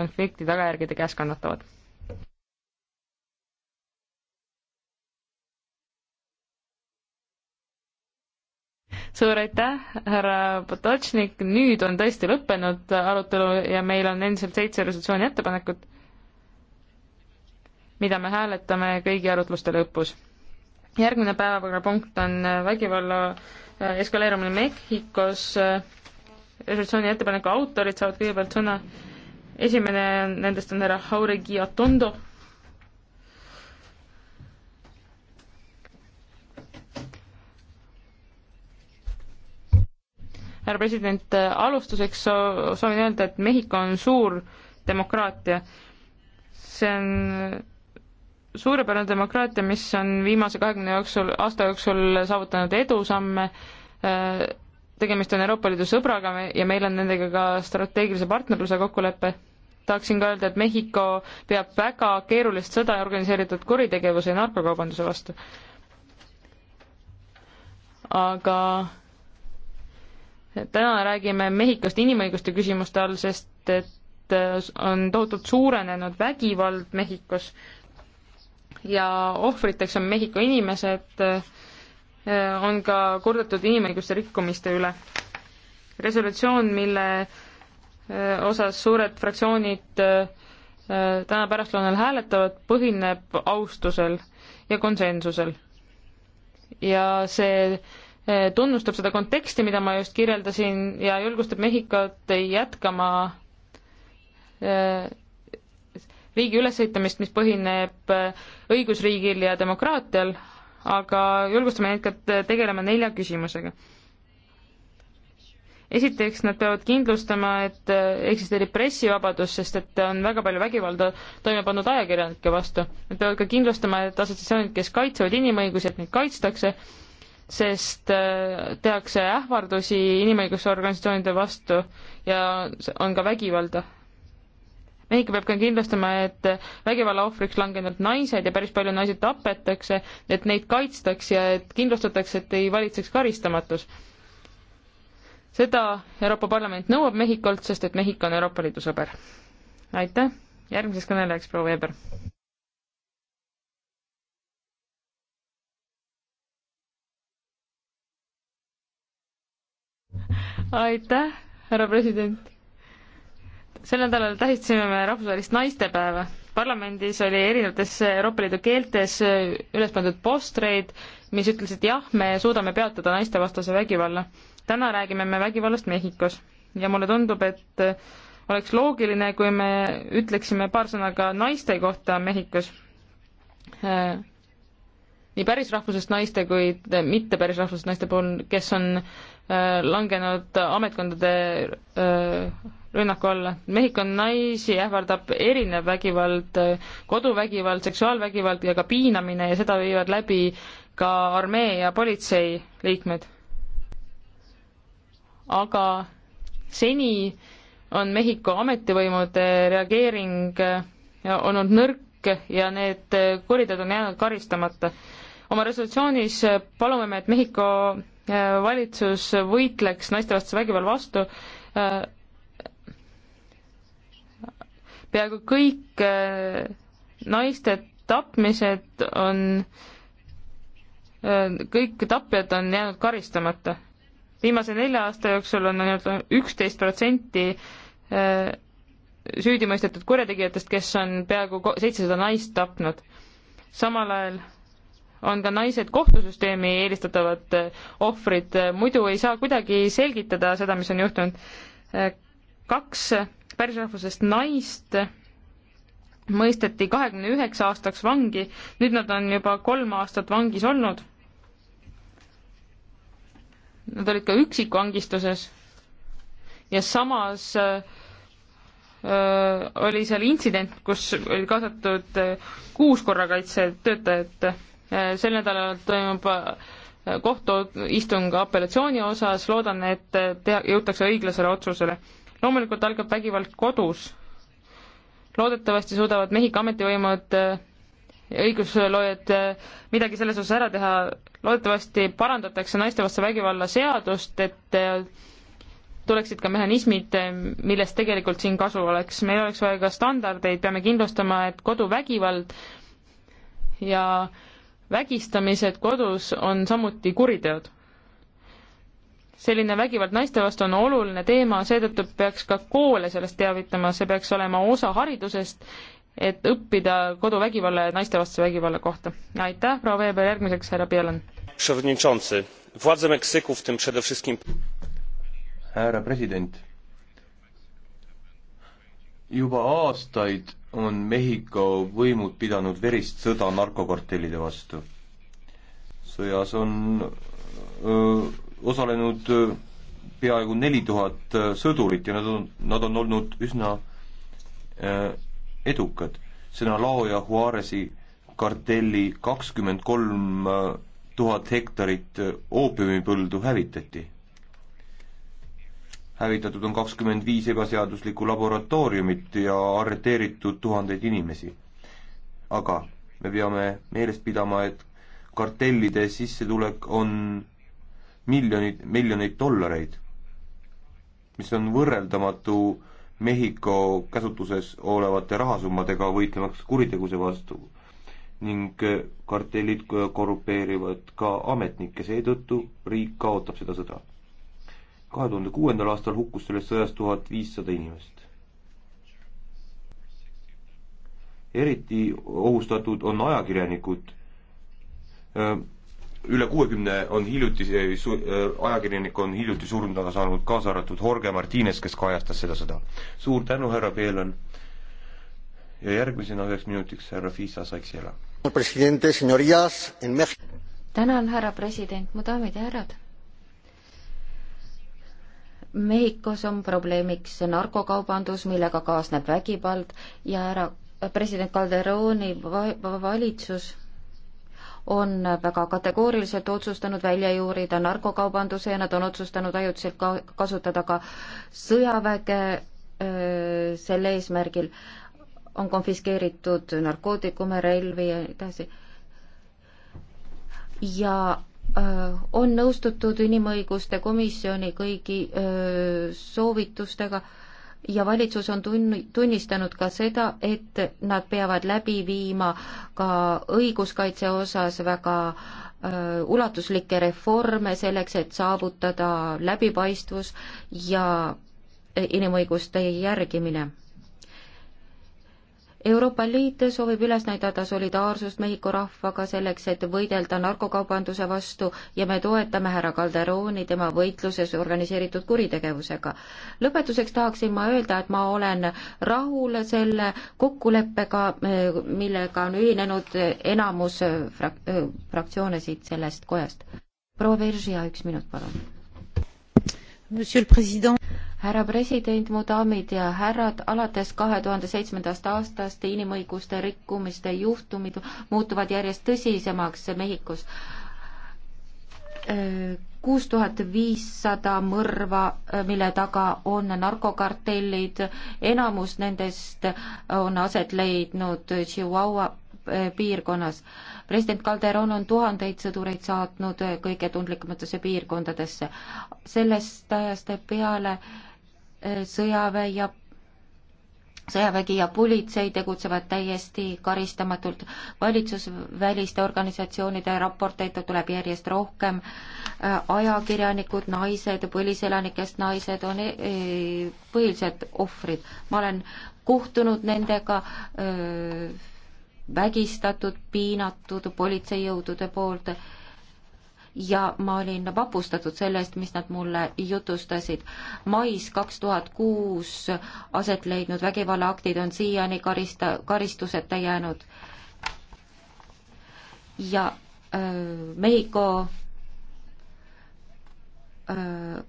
konflikti tagajärgede käes kannatavad. suur aitäh, härra Potočnik, nüüd on tõesti lõppenud arutelu ja meil on endiselt seitse resolutsiooni ettepanekut, mida me hääletame kõigi arutluste lõpus. järgmine päevakorrapunkt on vägivalla äh, eskaleerumine Mehhikos äh, resolutsiooni ettepaneku autorid saavad kõigepealt sõna esimene nendest on härra Hauregi Atondo. härra president, alustuseks soovin öelda, et Mehhiko on suur demokraatia. see on suurepärane demokraatia, mis on viimase kahekümne jooksul, aasta jooksul saavutanud edusamme, tegemist on Euroopa Liidu sõbraga ja meil on nendega ka strateegilise partnerluse kokkulepe tahaksin ka öelda, et Mehhiko peab väga keerulist sõda organiseeritud kuritegevuse ja narkokaubanduse vastu. aga täna räägime Mehhikost inimõiguste küsimuste all, sest et äh, on tohutult suurenenud vägivald Mehhikos ja ohvriteks on Mehhiko inimesed, äh, on ka kurdetud inimõiguste rikkumiste üle. resolutsioon, mille osas suured fraktsioonid äh, täna pärastlõunal hääletavad, põhineb austusel ja konsensusel. ja see äh, tunnustab seda konteksti, mida ma just kirjeldasin ja julgustab Mehhikot jätkama äh, riigi ülesehitamist, mis põhineb õigusriigil ja demokraatial, aga julgustame neid ka tegelema nelja küsimusega esiteks nad peavad kindlustama, et äh, eksisteerib pressivabadus, sest et on väga palju vägivalda toime pannud ajakirjanike vastu. Nad peavad ka kindlustama, et assotsiatsioonid, kes kaitsevad inimõigusi, et neid kaitstakse, sest äh, tehakse ähvardusi inimõigusorganisatsioonide vastu ja on ka vägivalda. Mehhiko peab ka kindlustama, et äh, vägivalla ohvriks langenud naised ja päris palju naisi tapetakse, et neid kaitstakse ja et kindlustatakse, et ei valitseks karistamatus seda Euroopa Parlament nõuab Mehhikolt, sest et Mehhiko on Euroopa Liidu sõber. aitäh, järgmiseks kõnelejaks proua Weber. aitäh, härra president. sel nädalal tähistasime me rahvusvahelist naistepäeva. parlamendis oli erinevates Euroopa Liidu keeltes üles pandud postreid, mis ütlesid jah, me suudame peatada naistevastase vägivalla täna räägime me vägivallast Mehhikos ja mulle tundub, et oleks loogiline, kui me ütleksime paar sõna ka naiste kohta Mehhikos. nii pärisrahvusest naiste kui mitte pärisrahvusest naiste puhul, kes on äh, langenud ametkondade äh, rünnaku alla. Mehhiko naisi ähvardab erinev vägivald, koduvägivald, seksuaalvägivald ja ka piinamine ja seda viivad läbi ka armee ja politsei liikmed aga seni on Mehhiko ametivõimude reageering äh, olnud nõrk ja need äh, kuriteod on jäänud karistamata. oma resolutsioonis äh, palume me, et Mehhiko valitsus võitleks naistevastase vägivalla vastu. peaaegu kõik naiste tapmised on, kõik tapjad on jäänud karistamata viimase nelja aasta jooksul on ainult üksteist protsenti äh, süüdi mõistetud kurjategijatest, kes on peaaegu seitsesada naist tapnud. samal ajal on ka naised kohtusüsteemi eelistatavad äh, ohvrid, muidu ei saa kuidagi selgitada seda, mis on juhtunud. Äh, kaks pärisrahvusest naist mõisteti kahekümne üheksa aastaks vangi, nüüd nad on juba kolm aastat vangis olnud nad olid ka üksikuvangistuses ja samas äh, äh, oli seal intsident, kus oli kaasatud äh, kuus korrakaitsetöötajat äh,. sel nädalal toimub äh, kohtuistung apellatsiooni osas, loodan, et äh, teha, jõutakse õiglasele otsusele. loomulikult algab vägivald kodus. loodetavasti suudavad Mehhiko ametivõimud äh, õigusloojad midagi selles osas ära teha. loodetavasti parandatakse naistevastase vägivalla seadust, et tuleksid ka mehhanismid, millest tegelikult siin kasu oleks. meil oleks vaja ka standardeid, peame kindlustama, et koduvägivald ja vägistamised kodus on samuti kuriteod. selline vägivald naiste vastu on oluline teema, seetõttu peaks ka koole sellest teavitama, see peaks olema osa haridusest et õppida koduvägivalla ja naistevastase vägivalla kohta. aitäh, proua Veber, järgmiseks härra Pielan. härra president, juba aastaid on Mehhiko võimud pidanud verist sõda narkokartellide vastu. sõjas on öö, osalenud öö, peaaegu neli tuhat sõdurit ja nad on, nad on olnud üsna öö, edukad. Senalao ja Juarez'i kartelli kakskümmend kolm äh, tuhat hektarit äh, oopiumipõldu hävitati. hävitatud on kakskümmend viis ebaseaduslikku laboratooriumit ja arreteeritud tuhandeid inimesi. aga me peame meeles pidama, et kartellide sissetulek on miljonid, miljoneid dollareid, mis on võrreldamatu äh, Mehhiko käsutuses olevate rahasummadega võitlemaks kuritegevuse vastu ning kartellid korrupeerivad ka ametnikke, seetõttu riik kaotab seda sõda. kahe tuhande kuuendal aastal hukkus selles sõjas tuhat viissada inimest. eriti ohustatud on ajakirjanikud üle kuuekümne on hiljuti, äh, ajakirjanik on hiljuti surnuga saanud, kaasa arvatud Jorge Martines, kes kajastas seda sõda. suur tänu, härra Peelan. ja järgmisena üheks minutiks härra Fisa Saiksela. tänan, härra president, mu daamid ja härrad. Mehhikos on probleemiks narkokaubandus, millega kaasneb vägivald ja härra president Calderoni valitsus on väga kategooriliselt otsustanud välja juurida narkokaubanduse ja nad on otsustanud ajutiselt ka kasutada ka sõjaväge öö, selle eesmärgil. on konfiskeeritud narkootikume, relvi ja nii edasi. ja öö, on nõustutud inimõiguste komisjoni kõigi öö, soovitustega öö, ja valitsus on tunn-, tunnistanud ka seda, et nad peavad läbi viima ka õiguskaitse osas väga äh, ulatuslikke reforme selleks, et saavutada läbipaistvus ja inimõiguste järgimine Euroopa Liit soovib üles näidata solidaarsust Mehhiko rahvaga selleks, et võidelda narkokaubanduse vastu ja me toetame härra Calderoni tema võitluses organiseeritud kuritegevusega. lõpetuseks tahaksin ma öelda, et ma olen rahul selle kokkuleppega, eh, millega on ühinenud enamus frak-, eh, fraktsioone siit sellest kojast. proua Veržia, üks minut, palun härra president, mu daamid ja härrad, alates kahe tuhande seitsmendast aastast inimõiguste rikkumiste juhtumid muutuvad järjest tõsisemaks Mehhikos. Äh, kuus tuhat viissada mõrva, äh, mille taga on narkokartellid, enamus nendest on aset leidnud Chihuahua äh, piirkonnas president Calderon on tuhandeid sõdureid saatnud kõige tundlikumatesse piirkondadesse. sellest ajast peale äh, sõjaväe ja sõjavägi ja politsei tegutsevad täiesti karistamatult. valitsusväliste organisatsioonide raporteid tuleb järjest rohkem. Äh, ajakirjanikud, naised, põliselanikest naised on äh, põhilised ohvrid. ma olen kohtunud nendega öö, vägistatud, piinatud politseijõudude poolt ja ma olin vapustatud sellest, mis nad mulle jutustasid. mais kaks tuhat kuus aset leidnud vägivallaaktid on siiani karista, karistuseta jäänud. ja äh, Mehhiko äh,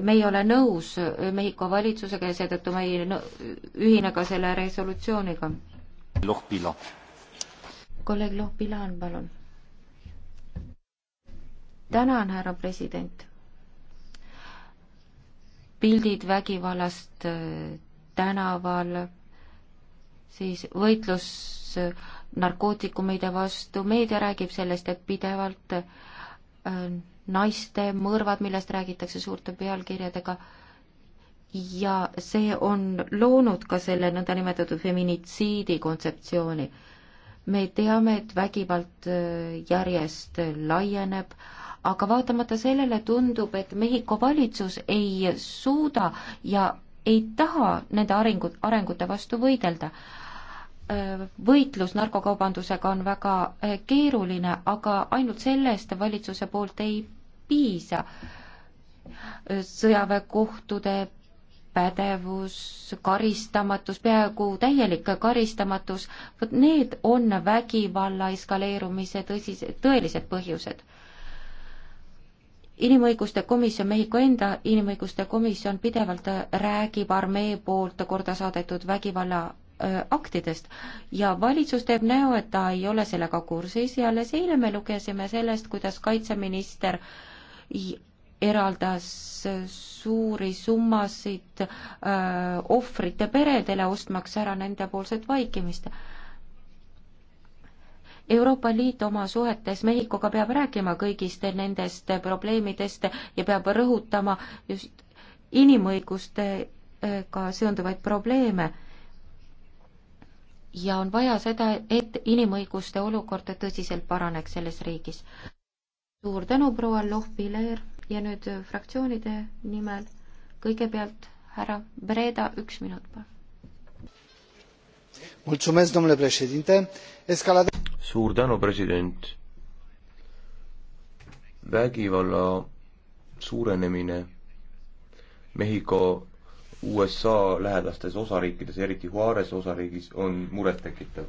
me ei ole nõus Mehhiko valitsusega ja seetõttu me ei ühine ka selle resolutsiooniga Lohpila. kolleeg Lohpilan, palun. tänan, härra president. pildid vägivallast äh, tänaval, siis võitlus äh, narkootikumide vastu, meedia räägib sellest, et pidevalt äh, naiste mõrvad, millest räägitakse suurte pealkirjadega ja see on loonud ka selle nõndanimetatud feminitsiidi kontseptsiooni. me teame, et vägivald äh, järjest laieneb, aga vaatamata sellele tundub, et Mehhiko valitsus ei suuda ja ei taha nende arengut, arengute vastu võidelda äh, võitlus narkokaubandusega on väga äh, keeruline, aga ainult sellest valitsuse poolt ei piisa. sõjaväekohtade pädevus, karistamatus, peaaegu täielik karistamatus, vot need on vägivalla eskaleerumise tõsised, tõelised põhjused. inimõiguste komisjon, Mehhiko enda inimõiguste komisjon pidevalt räägib armee poolt korda saadetud vägivalla aktidest ja valitsus teeb näo, et ta ei ole sellega kursis ja alles eile me lugesime sellest, kuidas kaitseminister eraldas suuri summasid öö, äh, ohvrite peredele, ostmaks ära nendepoolset vaikimist. Euroopa Liit oma suhetes Mehhikoga peab rääkima kõigist nendest probleemidest ja peab rõhutama just inimõigustega äh, seonduvaid probleeme. ja on vaja seda, et inimõiguste olukord tõsiselt paraneks selles riigis. suur tänu, proua Lohvileer! ja nüüd äh, fraktsioonide nimel kõigepealt härra Breda, üks minut. suur tänu, president. vägivalla suurenemine Mehhiko USA lähedastes osariikides, eriti Juarez osariigis, on murettekitav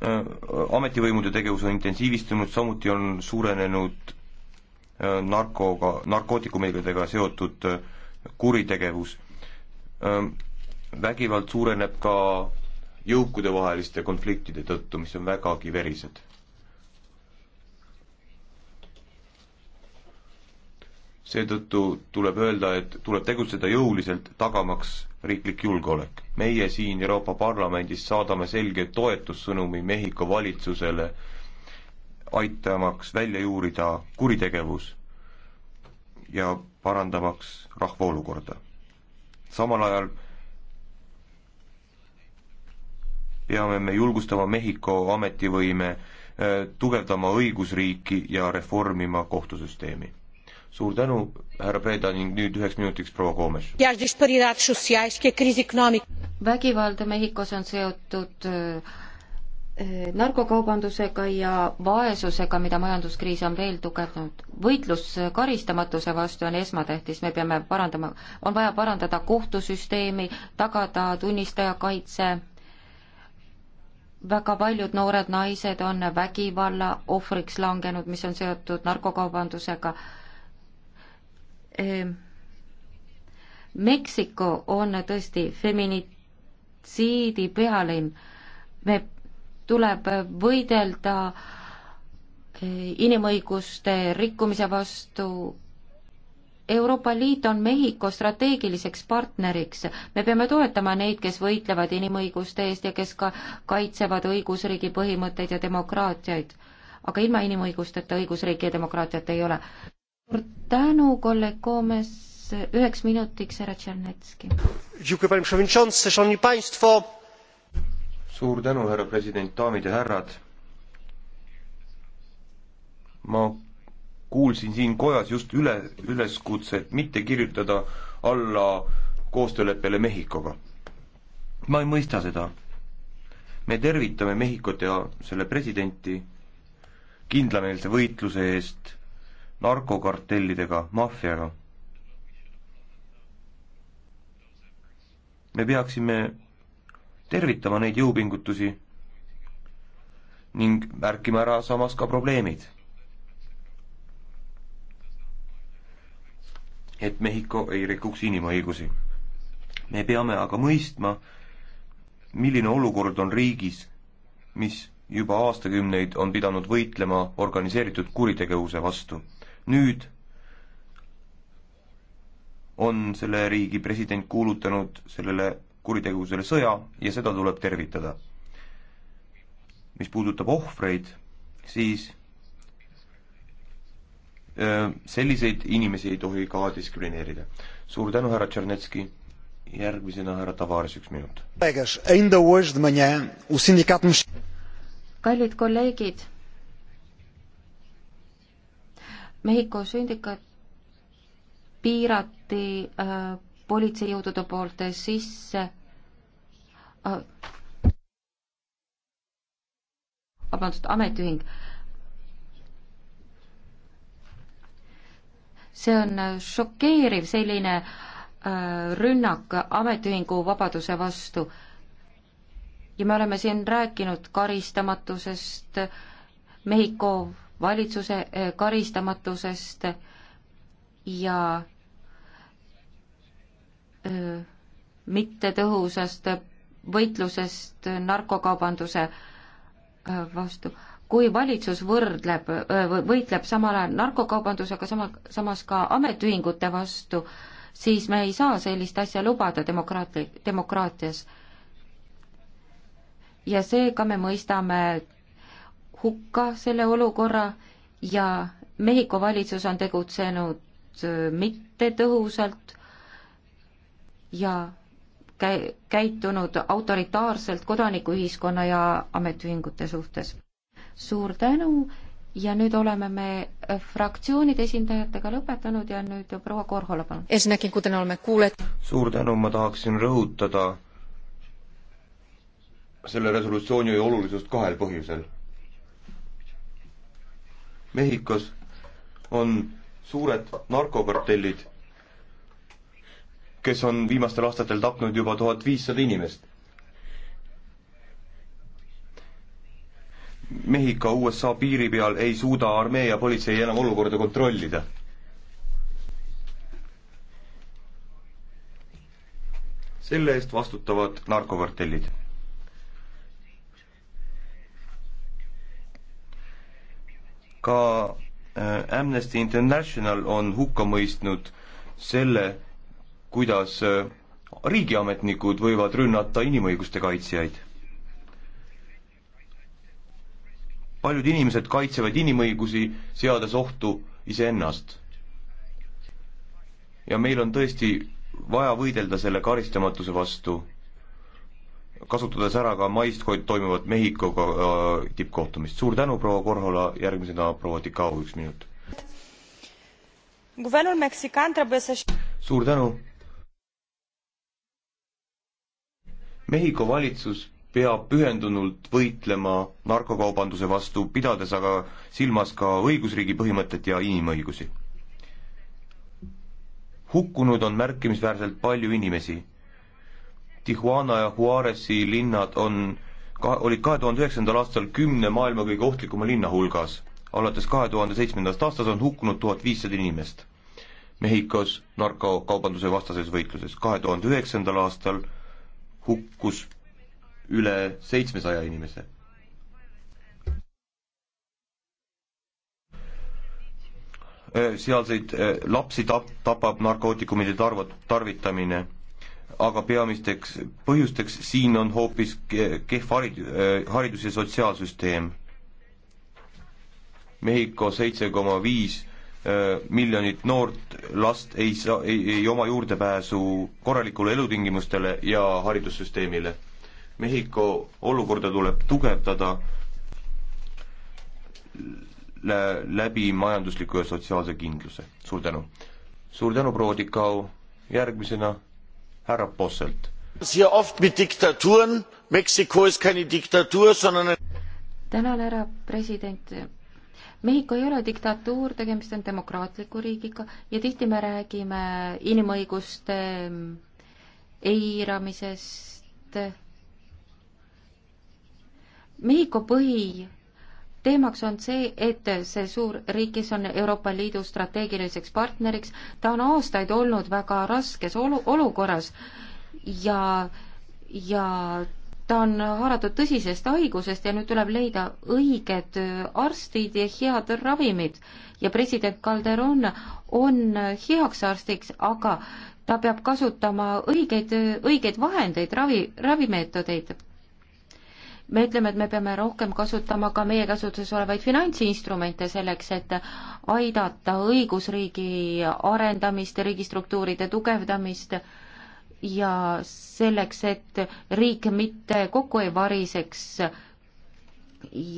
Äh, ametivõimude tegevus on intensiivistunud, samuti on suurenenud äh, narkoga, narkootikumidega seotud äh, kuritegevus. Ähm, vägivald suureneb ka jõukudevaheliste konfliktide tõttu, mis on vägagi verised. seetõttu tuleb öelda, et tuleb tegutseda jõuliselt, tagamaks riiklik julgeolek meie siin Euroopa Parlamendis saadame selge toetussõnumi Mehhiko valitsusele, aitamaks välja juurida kuritegevus ja parandamaks rahva olukorda. samal ajal peame me julgustama Mehhiko ametivõime eh, tugevdama õigusriiki ja reformima kohtusüsteemi suur tänu, härra Preda ning nüüd üheks minutiks proua Koomes. vägivald Mehhikos on seotud eh, narkokaubandusega ja vaesusega, mida majanduskriis on veel tugevnud. võitlus karistamatuse vastu on esmatähtis, me peame parandama, on vaja parandada kohtusüsteemi, tagada tunnistaja kaitse, väga paljud noored naised on vägivalla ohvriks langenud, mis on seotud narkokaubandusega Ehm, Meksiko on tõesti feminitsiidi pealinn. me, tuleb võidelda eh, inimõiguste rikkumise vastu. Euroopa Liit on Mehhiko strateegiliseks partneriks. me peame toetama neid, kes võitlevad inimõiguste eest ja kes ka kaitsevad õigusriigi põhimõtteid ja demokraatiaid. aga ilma inimõigusteta õigusriiki ja demokraatiat ei ole suur tänu, kolleeg Koomes, üheks minutiks härra Tšernetski. suur tänu, härra president, daamid ja härrad. ma kuulsin siin kojas just üle, üleskutset mitte kirjutada alla koostööleppele Mehhikoga. ma ei mõista seda. me tervitame Mehhikut ja selle presidenti kindlameelse võitluse eest narkokartellidega, maffiaga. me peaksime tervitama neid jõupingutusi ning märkima ära samas ka probleemid. et Mehhiko ei rikuks inimõigusi. me peame aga mõistma, milline olukord on riigis, mis juba aastakümneid on pidanud võitlema organiseeritud kuritegevuse vastu nüüd on selle riigi president kuulutanud sellele kuritegevusele sõja ja seda tuleb tervitada. mis puudutab ohvreid, siis selliseid inimesi ei tohi ka diskrimineerida. suur tänu, härra Tšernetski, järgmisena härra Tavares, üks minut. kallid kolleegid Mehhiko sündikat piirati äh, politseijõudude poolt sisse äh, vabandust, ametiühing. see on äh, šokeeriv selline äh, rünnak ametiühingu vabaduse vastu. ja me oleme siin rääkinud karistamatusest, Mehhiko valitsuse eh, karistamatusest ja eh, mittetõhusast võitlusest narkokaubanduse eh, vastu. kui valitsus võrdleb, võitleb samal ajal narkokaubandusega, sama, samas ka ametiühingute vastu, siis me ei saa sellist asja lubada demokraatli-, demokraatias. ja seega me mõistame hukka selle olukorra ja Mehhiko valitsus on tegutsenud äh, mittetõhusalt ja käi-, käitunud autoritaarselt kodanikuühiskonna ja ametiühingute suhtes. suur tänu ja nüüd oleme me äh, fraktsioonide esindajatega lõpetanud ja nüüd proua Korhola, palun. eesmärgi, kuten oleme kuulnud. suur tänu, ma tahaksin rõhutada selle resolutsiooni olulisust kahel põhjusel Mehhikos on suured narkokartellid, kes on viimastel aastatel tapnud juba tuhat viissada inimest. Mehhiko USA piiri peal ei suuda armee ja politsei enam olukorda kontrollida. selle eest vastutavad narkokartellid ka äh, Amnesty International on hukka mõistnud selle, kuidas äh, riigiametnikud võivad rünnata inimõiguste kaitsjaid. paljud inimesed kaitsevad inimõigusi, seades ohtu iseennast. ja meil on tõesti vaja võidelda selle karistamatuse vastu kasutades ära ka maist toimuvat Mehhikoga äh, tippkohtumist. suur tänu, proua Korhola, järgmisena proua Tikau, üks minut. suur tänu. Mehhiko valitsus peab pühendunult võitlema narkokaubanduse vastu, pidades aga silmas ka õigusriigi põhimõtet ja inimõigusi. hukkunud on märkimisväärselt palju inimesi Tijuana ja Juarez'i linnad on, olid kahe tuhande üheksandal aastal kümne maailma kõige ohtlikuma linna hulgas. alates kahe tuhande seitsmendast aastast on hukkunud tuhat viissada inimest. Mehhikos narkokaubanduse vastases võitluses kahe tuhande üheksandal aastal hukkus üle seitsmesaja inimese. sealseid lapsi tap-, tapab narkootikumide tarv-, tarvitamine aga peamisteks põhjusteks siin on hoopis kehv harid-, haridus- ja sotsiaalsüsteem. Mehhiko seitse koma viis äh, miljonit noort last ei saa, ei, ei oma juurdepääsu korralikule elutingimustele ja haridussüsteemile. Mehhiko olukorda tuleb tugevdada lä-, läbi majandusliku ja sotsiaalse kindluse. suur tänu! suur tänu, proua Tikau, järgmisena härra Posselt. tänan, härra president. Mehhiko ei ole diktatuur, tegemist on demokraatliku riigiga ja tihti me räägime inimõiguste ehm, eiramisest. Mehhiko põhi teemaks on see, et see suur riik, kes on Euroopa Liidu strateegiliseks partneriks, ta on aastaid olnud väga raskes olu-, olukorras ja, ja ta on haaratud tõsisest haigusest ja nüüd tuleb leida õiged arstid ja head ravimid. ja president Calderon on heaks arstiks, aga ta peab kasutama õigeid, õigeid vahendeid, ravi, ravimeetodeid me ütleme, et me peame rohkem kasutama ka meie käsutuses olevaid finantsinstrumente selleks, et aidata õigusriigi arendamist, riigistruktuuride tugevdamist ja selleks, et riik mitte kokku ei variseks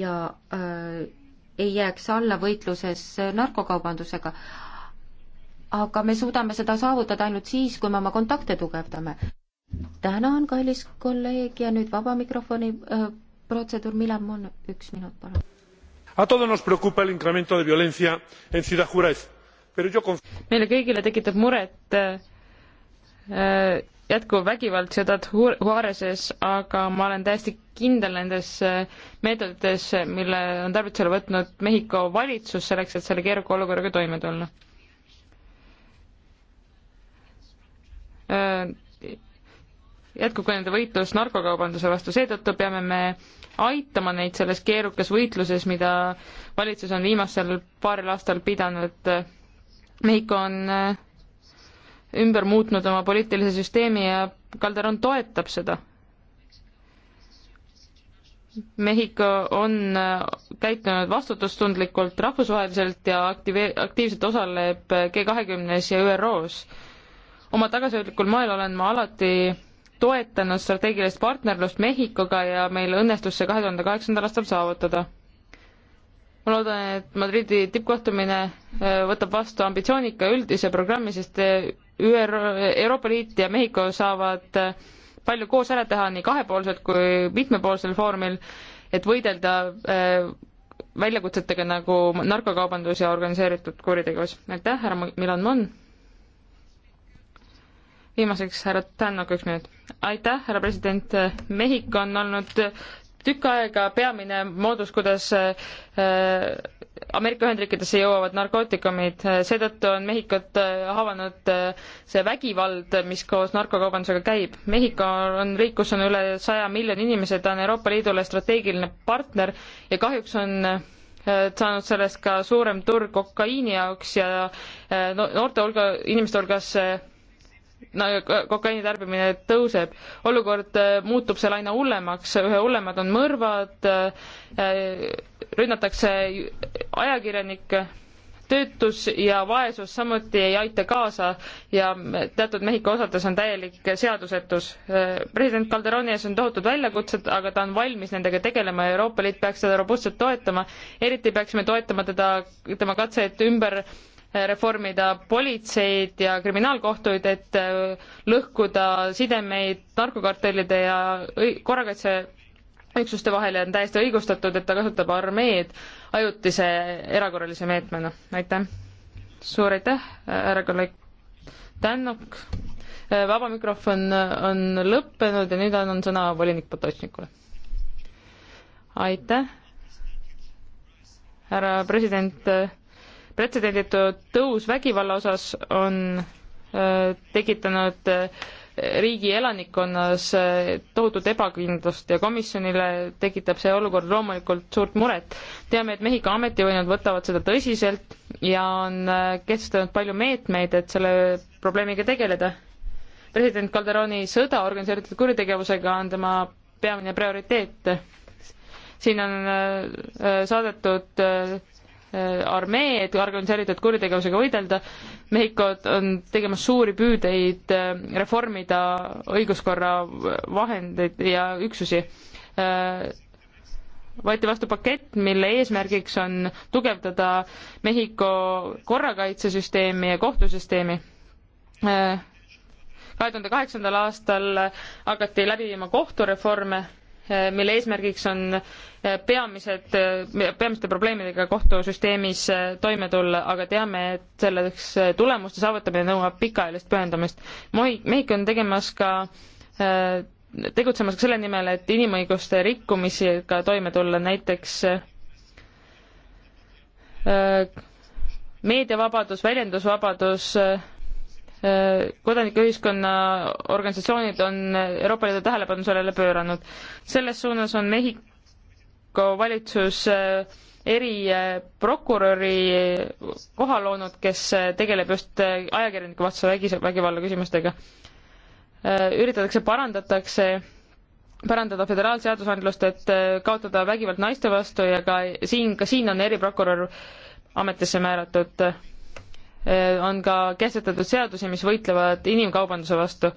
ja äh, ei jääks alla võitluses narkokaubandusega. aga me suudame seda saavutada ainult siis, kui me oma kontakte tugevdame tänan, kallis kolleeg ja nüüd vaba mikrofoni äh, protseduur, millal mul üks minut, palun. A todos nos preocupa el incremento de violencia en Ciudad Juárez, pero yo conf-. meile kõigile tekitab muret äh, äh jätkuv vägivald Ciudad Juareses, aga ma olen täiesti kindel nendes äh, meetodites, mille on tarvitusele võtnud Mehhiko valitsus selleks, et selle keeruka olukorraga toime tulla äh, jätkub ka nende võitlus narkokaubanduse vastu, seetõttu peame me aitama neid selles keerukas võitluses, mida valitsus on viimasel paaril aastal pidanud. Mehhiko on äh, ümber muutnud oma poliitilise süsteemi ja Calderon toetab seda. Mehhiko on äh, käitunud vastutustundlikult rahvusvaheliselt ja aktive-, aktiivselt osaleb G kahekümnes ja ÜRO-s. oma tagasihoidlikul moel olen ma alati toetanud strateegilist partnerlust Mehhikoga ja meil õnnestus see kahe tuhande kaheksandal aastal saavutada. ma loodan, et Madridi tippkohtumine äh, võtab vastu ambitsioonika üldise programmi, sest äh, ÜRO, Euroopa Liit ja Mehhiko saavad äh, palju koos ära teha nii kahepoolselt kui mitmepoolsel foorumil, et võidelda väljakutsetega nagu narkokaubandus ja organiseeritud kuritegevus. aitäh, härra Milan Mon! viimaseks härra Tännok, üks minut aitäh, härra president. Mehhiko on olnud tükk aega peamine moodus, kuidas äh, Ameerika Ühendriikidesse jõuavad narkootikumid, seetõttu on Mehhikot haavanud äh, äh, see vägivald, mis koos narkokaubandusega käib. Mehhiko on riik, kus on üle saja miljoni inimese, ta on Euroopa Liidule strateegiline partner ja kahjuks on saanud sellest ka suurem turg kokaiini jaoks ja noorte hulga, inimeste hulgas no, kokaiini tarbimine tõuseb. olukord äh, muutub seal aina hullemaks, üha hullemad on mõrvad, äh, rünnatakse ajakirjanikke, töötus ja vaesus samuti ei aita kaasa ja teatud Mehhiko osades on täielik seadusetus. Äh, president Calderoni ees on tohutud väljakutsed, aga ta on valmis nendega tegelema ja Euroopa Liit peaks seda robustselt toetama, eriti peaksime toetama teda, tema katset ümber reformida politseid ja kriminaalkohtuid, et äh, lõhkuda sidemeid narkokartellide ja korrakaitseüksuste vahel ja on täiesti õigustatud, et ta kasutab armeed ajutise erakorralise meetmena. aitäh! suur aitäh, härra kolleeg Tännok! Äh, vaba mikrofon on lõppenud ja nüüd annan sõna volinik Potočnikule. aitäh, härra president pretsedenditu tõus vägivalla osas on äh, tekitanud äh, riigi elanikkonnas äh, tohutut ebakindlust ja komisjonile tekitab see olukord loomulikult suurt muret. teame, et Mehhiko ametivõimud võtavad seda tõsiselt ja on kehtestanud palju meetmeid, et selle probleemiga tegeleda. president Calderoni sõda organiseeritud kuritegevusega on tema peamine prioriteet. siin on saadetud armee, et organiseeritud kuritegevusega võidelda. Mehhiko on tegemas suuri püüdeid äh, reformida õiguskorra vahendeid ja üksusi. Äh, võeti vastu pakett, mille eesmärgiks on tugevdada Mehhiko korrakaitsesüsteemi ja kohtusüsteemi äh, kahe tuhande kaheksandal aastal hakati läbi viima kohtureforme Eh, mille eesmärgiks on eh, peamised, eh, peamiste probleemidega kohtusüsteemis toime tulla, aga teame, et selleks tulemuste saavutamine nõuab pikaajalist pühendumist. Mehhiko on tegemas ka tegutsemas ka selle nimel, et inimõiguste rikkumisega toime tulla, näiteks meediavabadus, väljendusvabadus äh,, kodanikuühiskonna organisatsioonid on Euroopa Liidu tähelepanu sellele pööranud. selles suunas on Mehhiko valitsus eh, eriprokuröri eh, koha loonud, kes eh, tegeleb just ajakirjanike vastase vägise, vägivalla küsimustega. üritatakse, parandatakse, parandada föderaalseadusandlust, et kaotada vägivald naiste vastu ja ka siin, ka siin on eriprokurör ametisse määratud Äh, on ka kehtestatud seadusi, mis võitlevad inimkaubanduse vastu.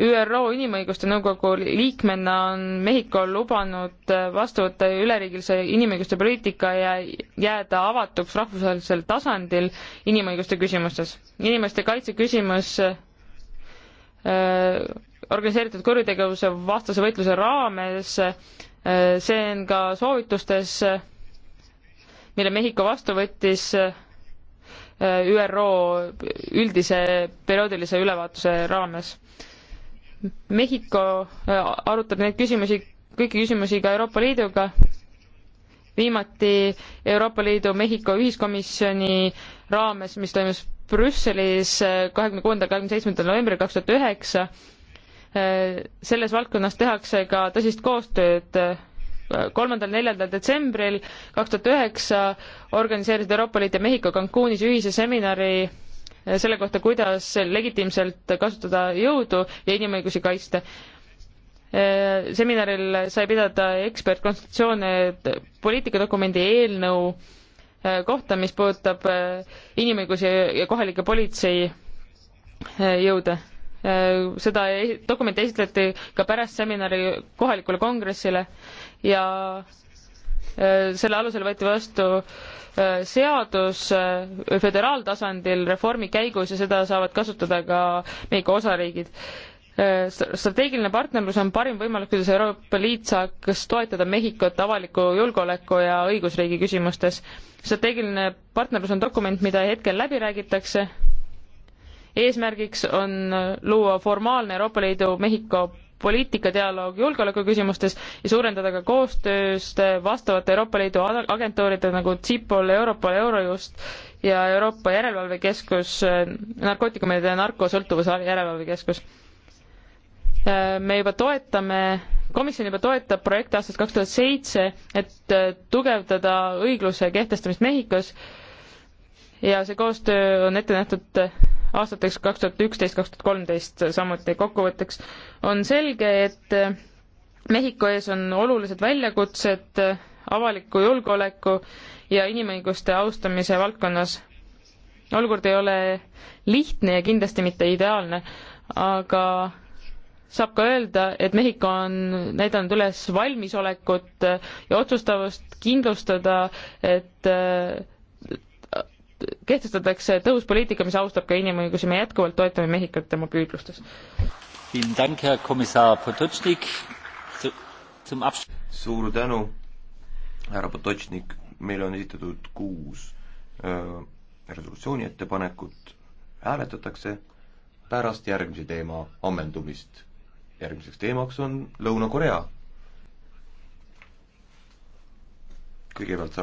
ÜRO Inimõiguste Nõukogu liikmena on Mehhiko lubanud äh, vastu võtta üleriigilise inimõiguste poliitika ja jääda avatuks rahvusvahelisel tasandil inimõiguste küsimustes. inimeste kaitse küsimus äh, organiseeritud kuritegevuse vastase võitluse raames äh,, see on ka soovitustes, äh, mille Mehhiko vastu võttis äh, ÜRO üldise perioodilise ülevaatuse raames. Mehhiko äh, arutab neid küsimusi, kõiki küsimusi ka Euroopa Liiduga, viimati Euroopa Liidu Mehhiko ühiskomisjoni raames, mis toimus Brüsselis äh, kahekümne kuuendal, kahekümne seitsmendal novembril kaks tuhat üheksa, äh, selles valdkonnas tehakse ka tõsist koostööd kolmandal, neljandal detsembril kaks tuhat üheksa organiseerisid Euroopa Liit ja Mehhiko Cancunis ühise seminari eh, selle kohta, kuidas legitiimselt kasutada jõudu ja inimõigusi kaitsta. Eh, seminaril sai pidada ekspertkonsultatsioone poliitikadokumendi eelnõu eh, kohta, mis puudutab inimõigusi ja kohalikke politseijõude. seda e-, dokumenti esitleti ka pärast seminari kohalikule kongressile ja äh, selle alusel võeti vastu äh, seadus äh, föderaaltasandil reformi käigus ja seda saavad kasutada ka Mehhiko osariigid. strateegiline partnerlus on parim võimalik, kuidas Euroopa Liit saaks toetada Mehhikot avaliku julgeoleku ja õigusriigi küsimustes. strateegiline partnerlus on dokument, mida hetkel läbi räägitakse. eesmärgiks on luua formaalne Euroopa Liidu Mehhiko poliitikadialoog julgeolekuküsimustes ja suurendada ka koostööst vastavate Euroopa Liidu agentuuride nagu CIPOL, Europol, Eurojust ja Euroopa Järelevalvekeskus, narkootikumide ja narkosõltuvuse järelevalvekeskus. me juba toetame komisjon juba toetab projekti aastast kaks tuhat seitse, et tugevdada õigluse kehtestamist Mehhikos ja see koostöö on ette nähtud aastateks kaks tuhat üksteist, kaks tuhat kolmteist samuti kokkuvõtteks, on selge, et eh, Mehhiko ees on olulised väljakutsed eh, avaliku julgeoleku ja inimõiguste austamise valdkonnas. olukord ei ole lihtne ja kindlasti mitte ideaalne, aga saab ka öelda, et Mehhiko on näidanud üles valmisolekut eh, ja otsustavust kindlustada, et kehtestatakse tõhus poliitika, mis austab ka inimõigusi, me jätkuvalt toetame Mehhikut tema püüdlustes. suur tänu, härra Potočnik, meile on esitatud kuus öö, resolutsiooni ettepanekut, hääletatakse pärast järgmise teema ammendumist. järgmiseks teemaks on Lõuna-Korea. kõigepealt saab